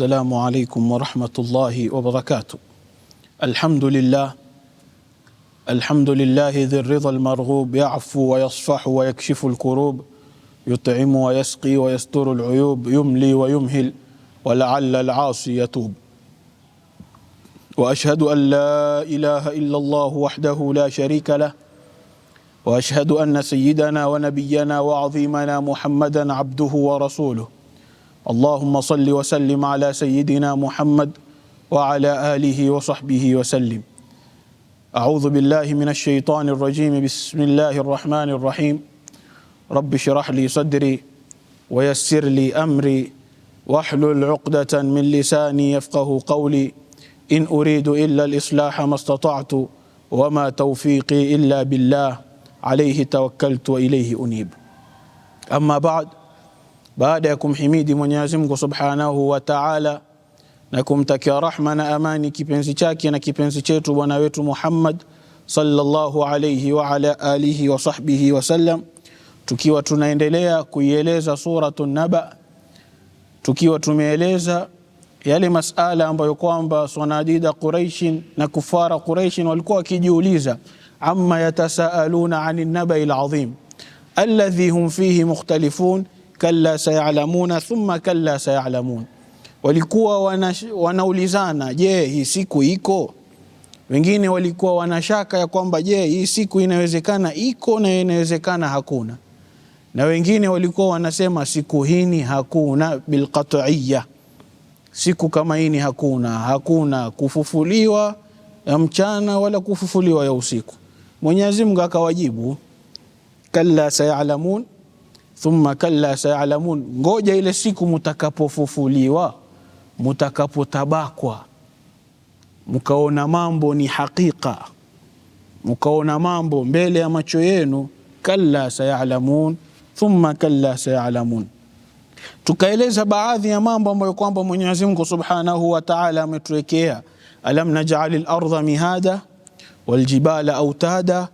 السلام عليكم ورحمة الله وبركاته الحمد لله الحمد لله ذي الرضا المرغوب يعفو ويصفح ويكشف الكروب يطعم ويسقي ويستر العيوب يملي ويمهل ولعل العاصي يتوب واشهد ان لا اله الا الله وحده لا شريك له واشهد ان سيدنا ونبينا وعظيمنا محمدا عبده ورسوله اللهم صل وسلم على سيدنا محمد وعلى اله وصحبه وسلم اعوذ بالله من الشيطان الرجيم بسم الله الرحمن الرحيم رب اشرح لي صدري ويسر لي امري واحلل عقده من لساني يفقه قولي ان اريد الا الاصلاح ما استطعت وما توفيقي الا بالله عليه توكلت واليه انيب اما بعد baada ya kumhimidi Mwenyezi Mungu Subhanahu wa Ta'ala na kumtakia rahma na amani kipenzi chake na kipenzi chetu bwana wetu Muhammad sallallahu alayhi wa ala alihi wa sahbihi wasallam, tukiwa tunaendelea kuieleza suratu Naba, tukiwa tumeeleza yale masala ambayo kwamba swanadida Quraishin na kufara Quraishin walikuwa wakijiuliza, amma yatasaaluna anin nabai alazim alladhi hum fihi mukhtalifun kalla sayalamuna thumma kalla sayalamun. Walikuwa wana, wanaulizana, je, hii siku iko? Wengine walikuwa wanashaka ya kwamba je, hii siku inawezekana iko na inawezekana hakuna, na wengine walikuwa wanasema siku hini hakuna bilqat'iyya, siku kama hini hakuna, hakuna kufufuliwa ya mchana wala kufufuliwa ya usiku. Mwenyezi Mungu akawajibu kalla sayalamun thumma kalla sayalamun, ngoja ile siku mutakapofufuliwa, mutakapotabakwa, mukaona mambo ni hakika, mukaona mambo mbele ya macho yenu. Kalla sayalamun thumma kalla sayalamun. Tukaeleza baadhi ya mambo ambayo kwamba Mwenyezi Mungu Subhanahu wa Ta'ala ametuwekea, alam naj'al al-ardha mihada wal jibala autada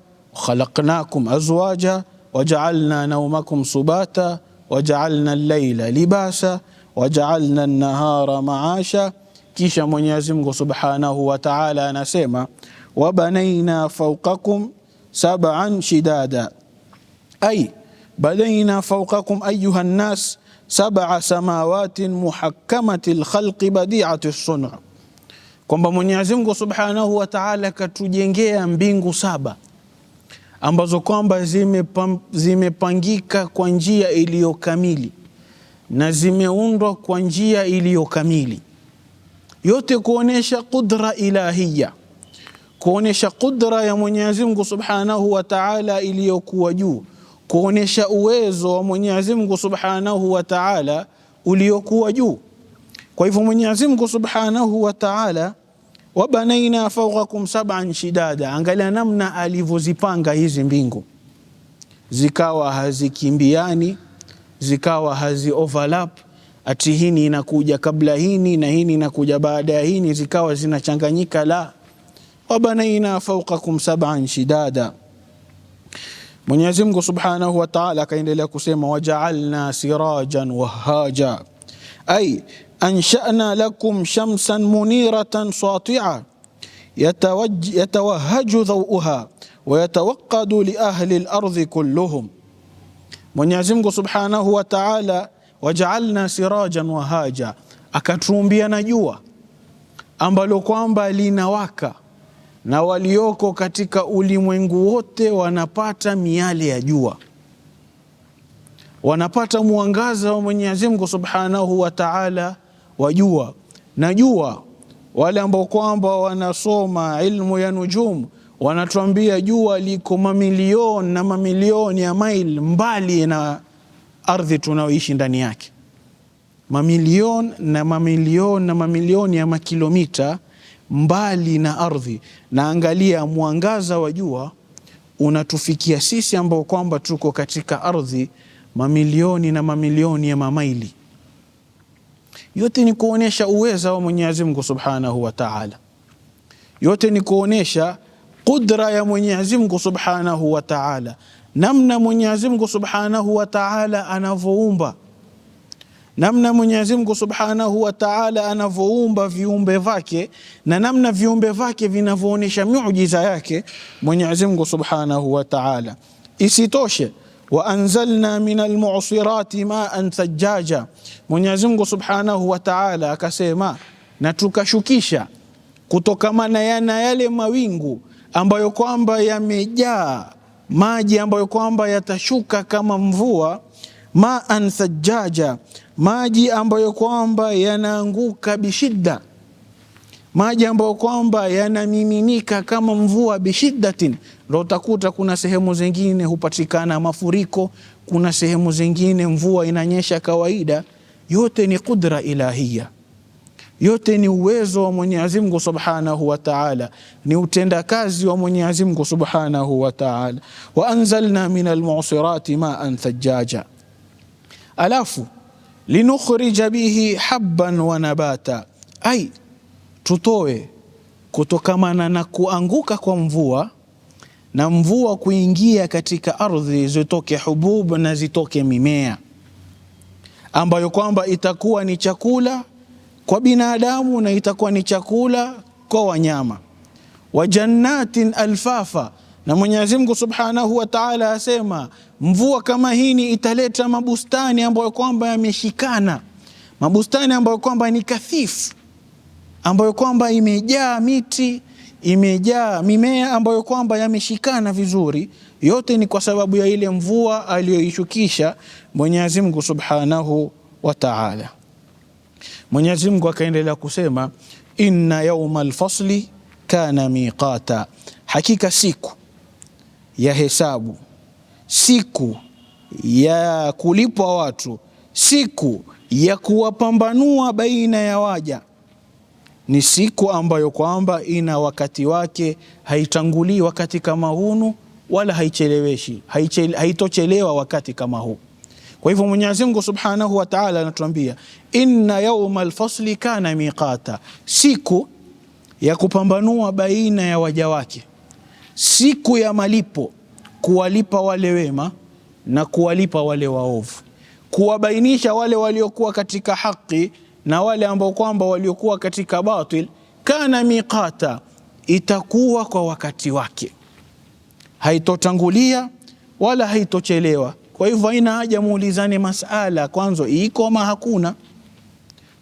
khalaqnakum azwaja wajaalna naumakum subata wajaalna llaila libasa wajaalna nnahara maasha. Kisha Mwenyezi Mungu subhanahu wa taala anasema wabanaina fawqakum sab'an shidada, ay banaina fawqakum ayuha nnas sab'a samawatin muhakkamati lkhalqi badiati ssun'u, kwamba Mwenyezi Mungu subhanahu wa taala katujengea mbingu saba ambazo kwamba zimepangika kwa njia iliyo kamili na zimeundwa kwa njia iliyo kamili, yote kuonesha qudra ilahiya, kuonesha qudra ya Mwenyezi Mungu Subhanahu wa Ta'ala iliyokuwa juu, kuonesha uwezo wa Mwenyezi Mungu Subhanahu wa Ta'ala uliokuwa juu. Kwa hivyo Mwenyezi Mungu Subhanahu wa Ta'ala wabanaina fawqakum sab'an shidada. Angalia namna alivyozipanga hizi mbingu, zikawa hazikimbiani, zikawa hazi overlap ati hini inakuja kabla hini na hini inakuja baada ya hini, zikawa zinachanganyika. La, wabanaina fawqakum sab'an shidada. Mwenyezi Mungu Subhanahu wa Ta'ala akaendelea kusema waja'alna sirajan wahaja ai anshana lakum shamsan muniratan satia yatawahaju dhauha wayatawakadu liahli lardhi kulluhum, Mwenyezi Mungu subhanahu wa taala, wajaalna sirajan wahaja, akatuumbia na jua ambalo kwamba linawaka na walioko katika ulimwengu wote wanapata miale ya jua, wanapata mwangaza wa Mwenyezi Mungu subhanahu wa taala wajua. Najua wale ambao kwamba wanasoma ilmu ya nujum wanatuambia jua liko mamilioni na mamilioni ya mail mbali na ardhi tunayoishi ndani yake, mamilioni na mamilioni na mamilioni ya makilomita mbali na ardhi. Na angalia mwangaza wa jua unatufikia sisi ambao kwamba tuko katika ardhi mamilioni na mamilioni ya mamaili. Yote ni kuonesha uweza wa Mwenyezi Mungu Subhanahu wa Ta'ala, yote ni kuonesha qudra ya Mwenyezi Mungu Subhanahu wa Ta'ala, namna Mwenyezi Mungu Subhanahu wa Ta'ala anavyoumba, namna Mwenyezi Mungu Subhanahu wa Ta'ala anavyoumba viumbe vyake na namna viumbe vyake vinavyoonesha miujiza yake Mwenyezi Mungu Subhanahu wa Ta'ala. Isitoshe wa anzalna min almu'sirati ma'an thajaja, Mwenyezi Mungu Subhanahu wa Ta'ala akasema, na tukashukisha kutokamana yana yale mawingu ambayo kwamba yamejaa maji ambayo kwamba yatashuka kama mvua, ma'an thajaja, maji ambayo kwamba yanaanguka bishidda maji ambayo kwamba yanamiminika kama mvua bishiddatin. ndo utakuta kuna sehemu zingine hupatikana mafuriko, kuna sehemu zingine mvua inanyesha kawaida. Yote ni kudra ilahia, yote ni uwezo wa Mwenyezi Mungu Subhanahu wa Ta'ala, ni utendakazi wa Mwenyezi Mungu Subhanahu wa Ta'ala. wa anzalna min almu'sirati ma'an thajaja, alafu linukhrija bihi habban wa nabata ai tutoe kutokamana na kuanguka kwa mvua na mvua kuingia katika ardhi, zitoke hubub na zitoke mimea ambayo kwamba itakuwa ni chakula kwa binadamu na itakuwa ni chakula kwa wanyama. Wa jannatin alfafa, na Mwenyezi Mungu Subhanahu wa Ta'ala asema mvua kama hini italeta mabustani ambayo kwamba yameshikana, mabustani ambayo kwamba ni kathifu ambayo kwamba imejaa miti, imejaa mimea ambayo kwamba yameshikana vizuri. Yote ni kwa sababu ya ile mvua aliyoishukisha Mwenyezi Mungu Subhanahu wa Ta'ala. Mwenyezi Mungu akaendelea kusema, inna yauma alfasli kana miqata, hakika siku ya hesabu, siku ya kulipwa watu, siku ya kuwapambanua baina ya waja ni siku ambayo kwamba ina wakati wake, haitangulii wakati kama hunu wala haicheleweshi, haitochelewa wakati kama huu. Kwa hivyo Mwenyezi Mungu Subhanahu wa Ta'ala anatuambia inna yauma alfasli kana miqata, siku ya kupambanua baina ya waja wake, siku ya malipo, kuwalipa wale wema na kuwalipa wale waovu, kuwabainisha wale waliokuwa katika haki na wale ambao kwamba waliokuwa katika batil, kana miqata, itakuwa kwa wakati wake, haitotangulia wala haitochelewa. Kwa hivyo haina haja muulizane masala kwanza iko ama hakuna,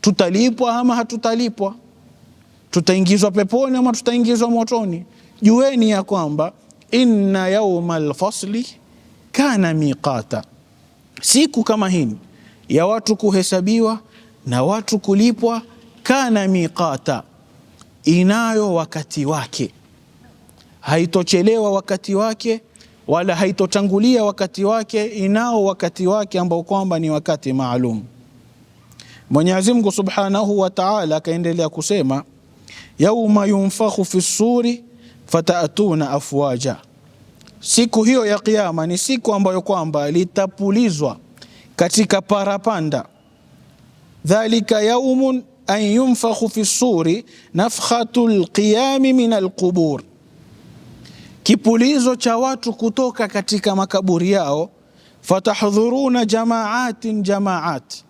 tutalipwa ama hatutalipwa, tutaingizwa peponi ama tutaingizwa motoni. Jueni ya kwamba inna yauma alfasli kana miqata, siku kama hii ya watu kuhesabiwa na watu kulipwa, kana miqata, inayo wakati wake, haitochelewa wakati wake wala haitotangulia wakati wake, inao wakati wake ambao kwamba ni wakati maalum. Mwenyezi Mungu Subhanahu wa Ta'ala akaendelea kusema, yauma yunfakhu fi suri fatatuna afwaja, siku hiyo ya Kiyama ni siku ambayo kwamba litapulizwa katika parapanda dhalika yaumun an yunfakhu fi suri nafkhatu lqiyami min alqubur, kipulizo cha watu kutoka katika makaburi yao. Fatahdhuruna jamaatin jamaat,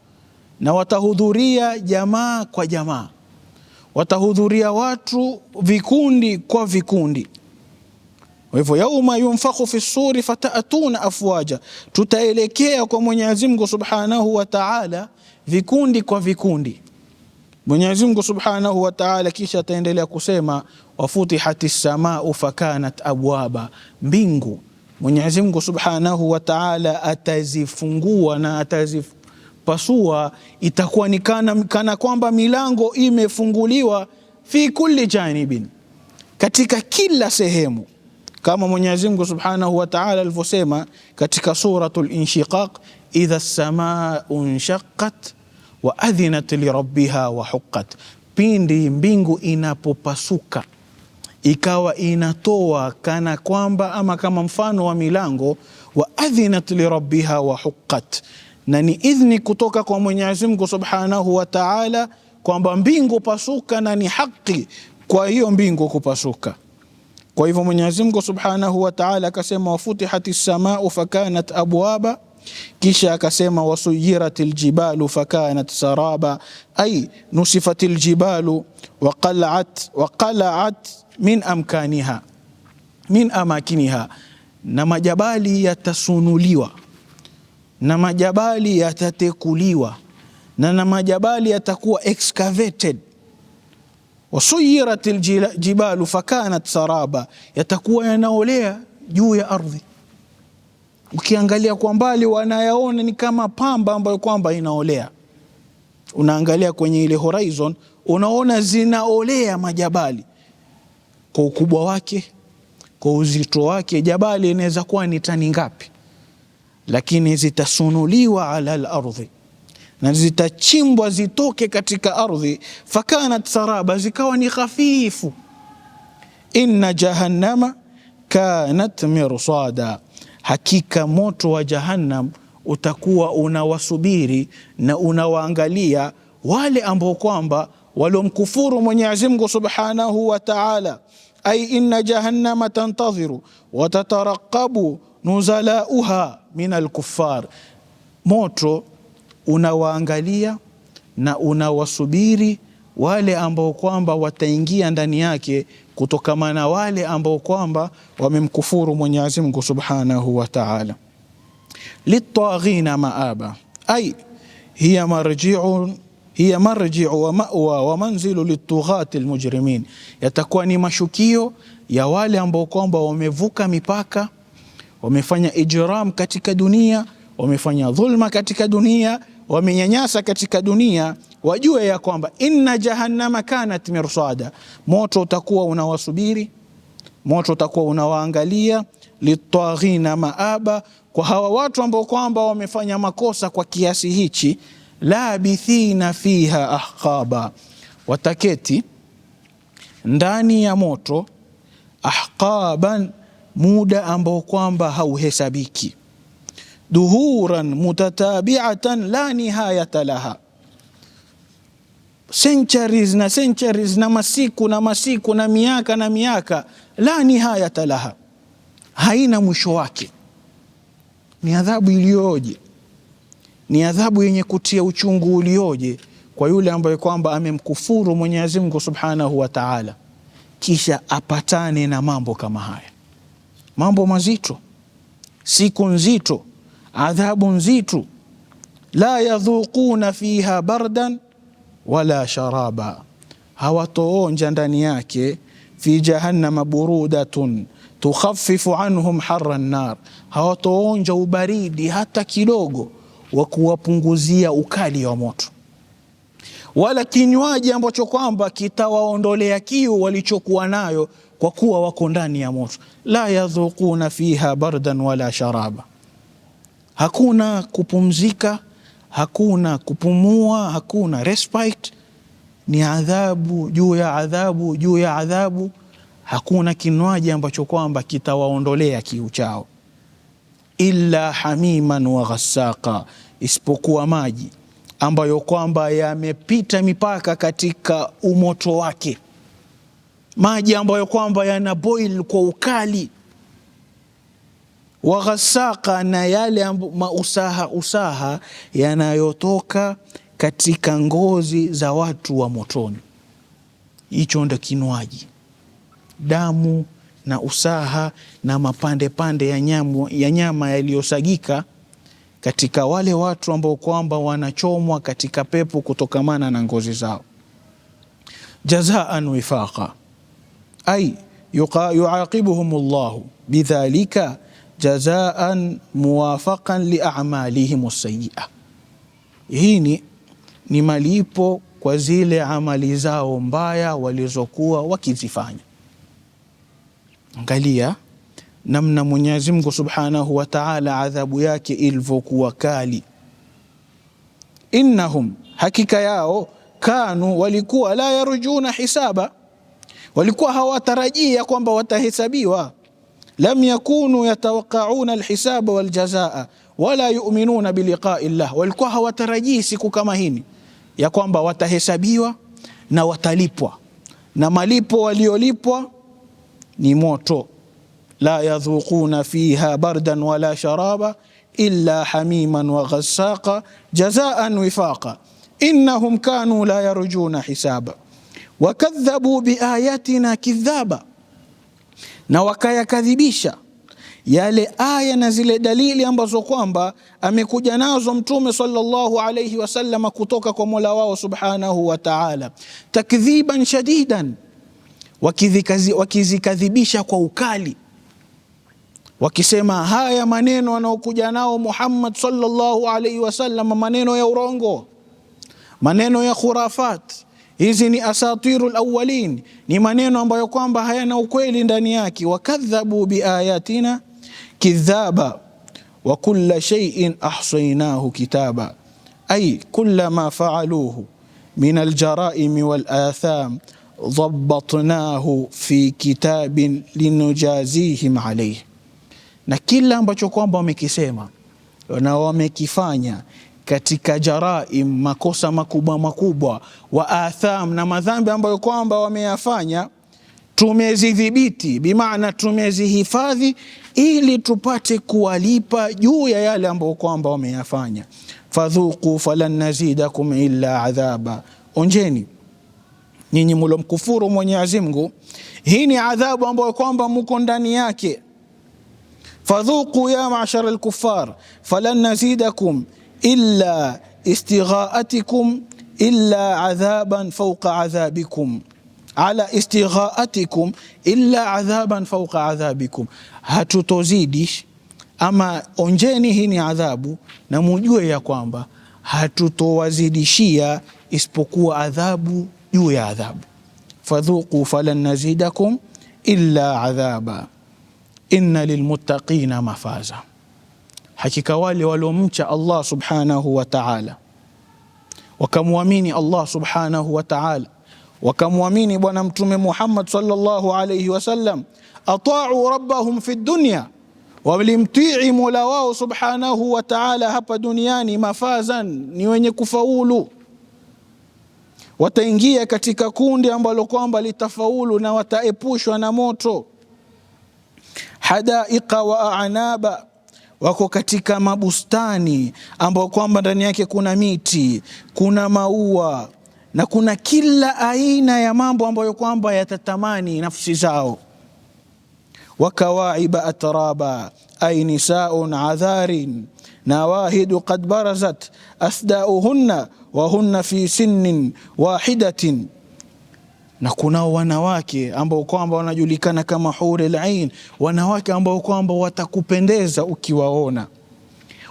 na watahudhuria jamaa kwa jamaa, watahudhuria watu vikundi kwa vikundi. Kwa hivyo yauma yunfakhu fi suri fatatuna afwaja, tutaelekea kwa Mwenyezi Mungu subhanahu wa taala vikundi kwa vikundi. Mwenyezi Mungu Subhanahu wa Ta'ala kisha ataendelea kusema wafutihati ssamau fakanat abwaba, mbingu Mwenyezi Mungu Subhanahu wa Ta'ala atazifungua na atazipasua, itakuwa ni kana, kana kwamba milango imefunguliwa, fi kulli janibin, katika kila sehemu kama Mwenyezi Mungu Subhanahu wa Ta'ala alivyosema katika suratul Inshiqaq, idha samaa unshaqqat wa adhinat li rabbiha wa huqqat, pindi mbingu inapopasuka ikawa inatoa kana kwamba ama kama mfano wa milango, wa adhinat li rabbiha wa huqqat, na ni idhni kutoka kwa Mwenyezi Mungu Subhanahu wa Ta'ala kwamba mbingu pasuka na ni haki kwa hiyo mbingu kupasuka. Kwa hivyo Mwenyezi Mungu Subhanahu wa Ta'ala akasema wafutihat as-samaa fakanat abwaba, kisha akasema wasuyirat aljibalu fakanat saraba, ay nusifat aljibalu waqalat waqalat min amkaniha min amakiniha, na majabali yatasunuliwa na majabali yatatekuliwa na na majabali yatakuwa excavated wasuyirat ljibalu fakanat saraba, yatakuwa yanaolea juu ya ardhi. Ukiangalia kwa mbali wanayaona ni kama pamba ambayo kwamba inaolea. Unaangalia kwenye ile horizon, unaona zinaolea majabali kwa ukubwa wake, kwa uzito wake. Jabali inaweza kuwa ni tani ngapi, lakini zitasunuliwa ala lardhi na zitachimbwa zitoke katika ardhi, fakanat saraba, zikawa ni khafifu Inna jahannama kanat mirsada, hakika moto wa jahannam utakuwa unawasubiri na unawaangalia wale ambao kwamba waliomkufuru Mwenyezi Mungu subhanahu wa taala. Ai inna jahannama tantadhiru watataraqabu nuzalauha min alkuffar, moto unawaangalia na unawasubiri wale ambao kwamba wataingia ndani yake kutokana na wale ambao kwamba wamemkufuru Mwenyezi Mungu Subhanahu wa Ta'ala. litaghina maaba ay hiya marji'u hiya marji'u wa ma'wa wa manzilu litughati almujrimin, yatakuwa ni mashukio ya wale ambao kwamba wamevuka mipaka, wamefanya ijram katika dunia, wamefanya dhulma katika dunia wamenyanyasa katika dunia wajue ya kwamba inna jahannama kanat mirsada, moto utakuwa unawasubiri, moto utakuwa unawaangalia. Litaghina maaba, kwa hawa watu ambao kwamba wamefanya makosa kwa kiasi hichi. Labithina fiha ahqaba, wataketi ndani ya moto. Ahqaban, muda ambao kwamba hauhesabiki duhuran mutatabiatan la nihayata laha, centuries na centuries na masiku na masiku na miaka na miaka, la nihayata laha, haina mwisho wake. Ni adhabu iliyoje! Ni adhabu yenye kutia uchungu ulioje kwa yule ambaye kwamba amemkufuru Mwenyezi Mungu Subhanahu wa Ta'ala, kisha apatane na mambo kama haya, mambo mazito, siku nzito adhabu nzito, la yadhuquna fiha bardan wala sharaba, hawatoonja ndani yake. Fi jahannama burudatun tukhaffifu anhum harra nnar, hawatoonja ubaridi hata kidogo wa kuwapunguzia ukali wa moto, wala kinywaji ambacho kwamba kitawaondolea kiu walichokuwa nayo, kwa kuwa wako ndani ya moto. La yadhuquna fiha bardan wala sharaba hakuna kupumzika, hakuna kupumua, hakuna respite. Ni adhabu juu ya adhabu juu ya adhabu. Hakuna kinwaji ambacho kwamba kitawaondolea kiu chao, illa hamiman wa ghasaqa, isipokuwa maji ambayo kwamba yamepita mipaka katika umoto wake, maji ambayo kwamba yana boil kwa ukali waghasaka, na yale mausaha usaha yanayotoka katika ngozi za watu wa motoni. Hicho ndo kinwaji damu na usaha na mapandepande ya nyama, ya nyama yaliyosagika katika wale watu ambao kwamba wanachomwa katika pepo kutokamana na ngozi zao. Jazaan wifaqa ai yuaqibuhum llahu bidhalika jazaan muwafaqan liamalihim sayia, hii ni, ni malipo kwa zile amali zao mbaya walizokuwa wakizifanya. Angalia namna Mwenyezi Mungu Subhanahu wa Ta'ala adhabu yake ilivyokuwa kali. Innahum, hakika yao, kanu, walikuwa la yarujuna hisaba, walikuwa hawatarajia kwamba watahesabiwa lam yakunu yatawaqauna alhisaba waljazaa wala yuminuna biliqai llah, walikuwa hawatarajii siku kama hini ya kwamba watahesabiwa na watalipwa, na malipo waliolipwa ni moto. la yadhuquna fiha bardan wala sharaba illa hamiman wa ghassaqa jazaan wifaqa innahum kanu la yarjuna hisaba wakadhabu biayatina kidhaba na wakayakadhibisha yale aya na zile dalili ambazo kwamba amekuja nazo Mtume sallallahu alayhi wasallam kutoka kwa Mola wao subhanahu wa ta'ala, takdhiban shadidan, wakizikadhibisha kwa ukali, wakisema haya maneno anaokuja nao Muhammad sallallahu alayhi wasallam, maneno ya urongo, maneno ya khurafat Hizi ni asatiru lawalin, ni maneno ambayo kwamba hayana ukweli ndani yake. Wakadhabu biayatina kidhaba wa kulla shay'in ahsaynahu kitaba, ay kulla ma faaluhu min aljaraimi walatham dhabatnahu fi kitabin linujazihim alayh, na kila ambacho kwamba wamekisema na wamekifanya katika jaraim, makosa makubwa makubwa, wa atham, na madhambi ambayo kwamba wameyafanya tumezidhibiti bimaana tumezihifadhi, ili tupate kuwalipa juu ya yale ambayo kwamba wameyafanya. Fadhuku falan nazidakum illa adhaba, onjeni nyinyi mkufuru Mwenyezi Mungu, hii ni adhabu ambayo kwamba muko ndani yake. Fadhuku ya mashara lkufar falan nazidakum illa istighaatikum illa adhaban fawqa adhabikum ala istighaatikum illa adhaban fawqa adhabikum, hatutozidi ama onjeni, hii ni adhabu, na mujue ya kwamba hatutowazidishia isipokuwa adhabu juu ya adhabu. Fadhuqu falan nazidakum illa adhaba inna lilmuttaqina mafaza hakika wale waliomcha Allah subhanahu wa ta'ala wakamwamini Allah subhanahu wa ta'ala wakamwamini Bwana Mtume Muhammad sallallahu alayhi wasallam, ata'u rabbahum fi dunya, walimtii mola wao subhanahu wa ta'ala hapa duniani, mafazan, ni wenye kufaulu, wataingia katika kundi ambalo kwamba litafaulu na wataepushwa na moto. Hadaiqa wa anaba wako katika mabustani ambao kwamba ndani yake kuna miti, kuna maua na kuna kila aina ya mambo ambayo kwamba yatatamani nafsi zao. Wakawaiba atraba ay nisaun adharin nawahidu qad barazat asdauhunna wahunna fi sinnin wahidatin na kunao wanawake ambao kwamba wanajulikana kama hurul ain, wanawake ambao kwamba watakupendeza ukiwaona.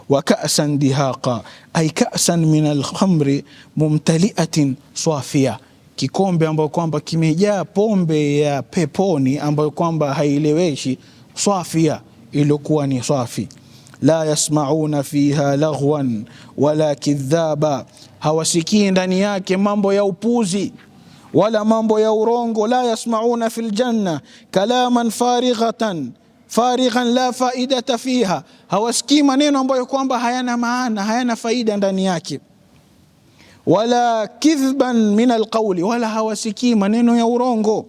Wa kasan dihaqa ay kasan min alkhamri mumtaliatin swafia, kikombe ambao kwamba kimejaa pombe ya peponi ambayo kwamba haileweshi. Swafia iliyokuwa ni swafi. La yasmauna fiha laghwan wala kidhaba, hawasikii ndani yake mambo ya upuzi wala mambo ya urongo. La yasmauna fil janna kalaman farighatan farighan la faidata fiha, hawasikii maneno ambayo kwamba hayana maana, hayana faida ndani yake. Wala kidhban min alqawli, wala hawasikii maneno ya urongo.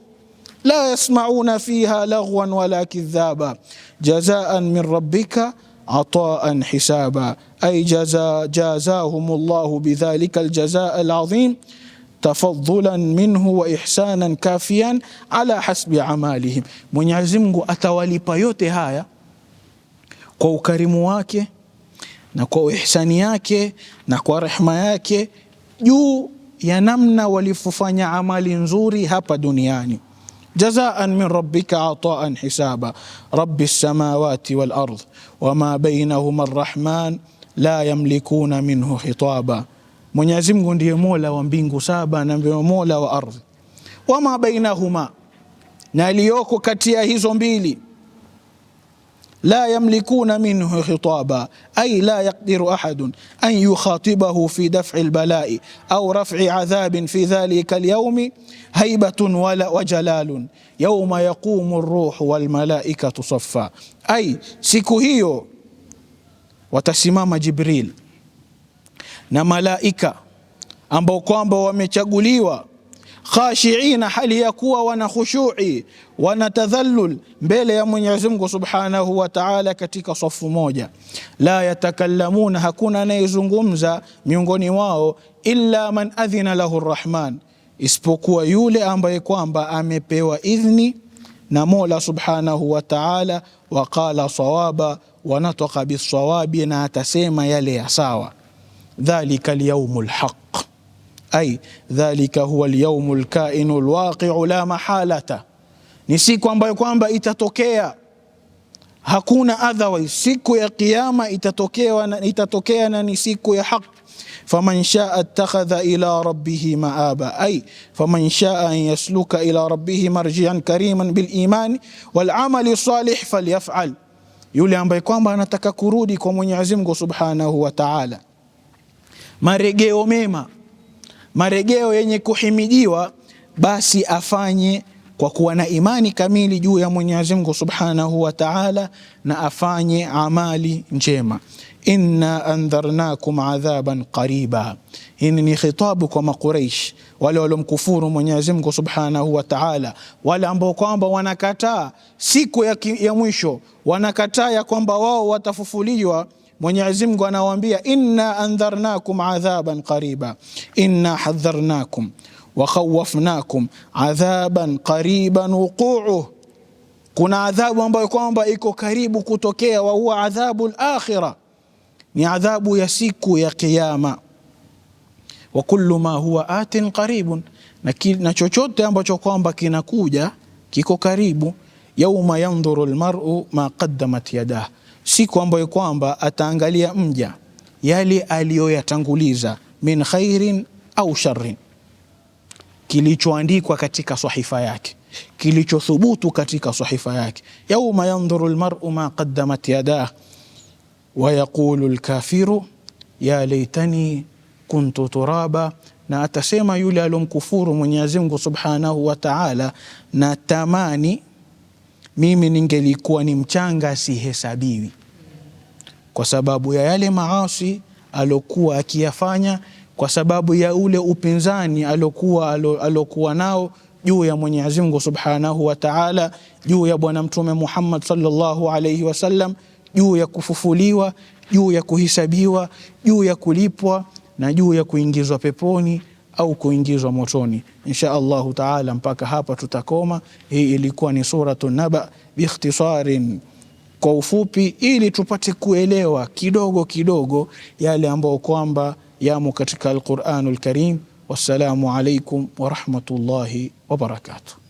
La yasmauna fiha laghwan wala kidhaba, jazaan min rabbika ataan hisaba, ay jaza jazahum llahu bidhalika aljazaa alazim تفضلا منه وإحسانا كافيا على حسب اعمالهم من يعزمه أتوالي بيوت هايا كو كرموك نكو إحسانياك نكو رحمياك يو ينمنا ولففني عمال نزوري هابا دنياني جزاء من ربك عطاء حسابا رب السماوات والأرض وما بينهما الرحمن لا يملكون منه خطابا Mwenyezi Mungu ndiye Mola wa mbingu saba na ndiye Mola wa ardhi, wama bainahuma, na iliyoko kati ya hizo mbili. La yamlikuna minhu khitaba, ay la yaqdiru ahadun an yukhatibahu fi daf'i albalai au raf'i adhabin fi dhalika alyawmi haibatun wala wajalalun yawma yaqumu ar-ruhu wal malaikatu saffa, ay siku hiyo watasimama Jibril na malaika ambao kwamba wamechaguliwa khashiina, hali ya kuwa wana khushui wana tadhallul mbele ya Mwenyezi Mungu Subhanahu wa Ta'ala, katika safu moja. La yatakallamuna, hakuna anayezungumza miongoni wao, illa man adhina lahu rrahman, isipokuwa yule ambaye kwamba amepewa idhni na Mola Subhanahu wa Ta'ala. Waqala sawaba, wanatoka bisawabi, na atasema yale ya sawa ذلك اليوم الحق اي ذلك هو اليوم الكائن الواقع لا محاله نسيكو امبا كوامبا اتتوكيا هكونا اذوي سيكو يا قيامة اتتوكيا نسيكو يا حق فمن شاء اتخذ الى ربه مآبا اي فمن شاء ان يسلك الى ربه مرجعا كريما بالايمان والعمل الصالح فليفعل يولي امبا كوامبا نتكا كرودي يعزمكو سبحانه وتعالى maregeo mema, maregeo yenye kuhimidiwa, basi afanye kwa kuwa na imani kamili juu ya Mwenyezi Mungu Subhanahu wa Ta'ala, na afanye amali njema. Inna andharnakum adhaban qariba. hii ni khitabu kwa Makuraish, wale waliomkufuru Mwenyezi Mungu Subhanahu wa Ta'ala, wale ambao kwamba wanakataa siku ya, ya mwisho, wanakataa ya kwamba wao watafufuliwa Mwenyezi Mungu anawaambia inna andharnakum adhaban qariba, inna hadharnakum wa khawafnakum adhaban qariban wuquuh, kuna adhabu ambayo kwamba iko karibu kutokea, wa huwa adhabu al-akhirah, ni adhabu ya siku ya Kiyama. Wa kullu ma huwa atin qaribun, na, na chochote ambacho kwamba kinakuja kiko karibu. Yauma yandhuru almar'u ma qaddamat yadah siku ambayo kwamba ataangalia mja yale aliyoyatanguliza min khairin au sharrin, kilichoandikwa katika sahifa yake, kilichothubutu katika sahifa yake. Yauma yandhuru lmaru ma qaddamat yadah wa yaqulu lkafiru ya laitani kuntu turaba, na atasema yule alomkufuru Mwenyezi Mungu subhanahu wa taala, na tamani mimi ningelikuwa ni mchanga sihesabiwi, kwa sababu ya yale maasi aliokuwa akiyafanya, kwa sababu ya ule upinzani aliokuwa aliokuwa nao juu ya Mwenyezi Mungu Subhanahu wa Ta'ala, juu ya Bwana Mtume Muhammad sallallahu alayhi wasallam, juu ya kufufuliwa, juu ya kuhisabiwa, juu ya kulipwa na juu ya kuingizwa peponi au kuingizwa motoni. Insha Allahu taala, mpaka hapa tutakoma. Hii ilikuwa ni suratu Naba biikhtisarin, kwa ufupi, ili tupate kuelewa kidogo kidogo yale ambayo kwamba yamo katika Alquranul Karim. Wassalamu alaikum warahmatullahi wabarakatuh.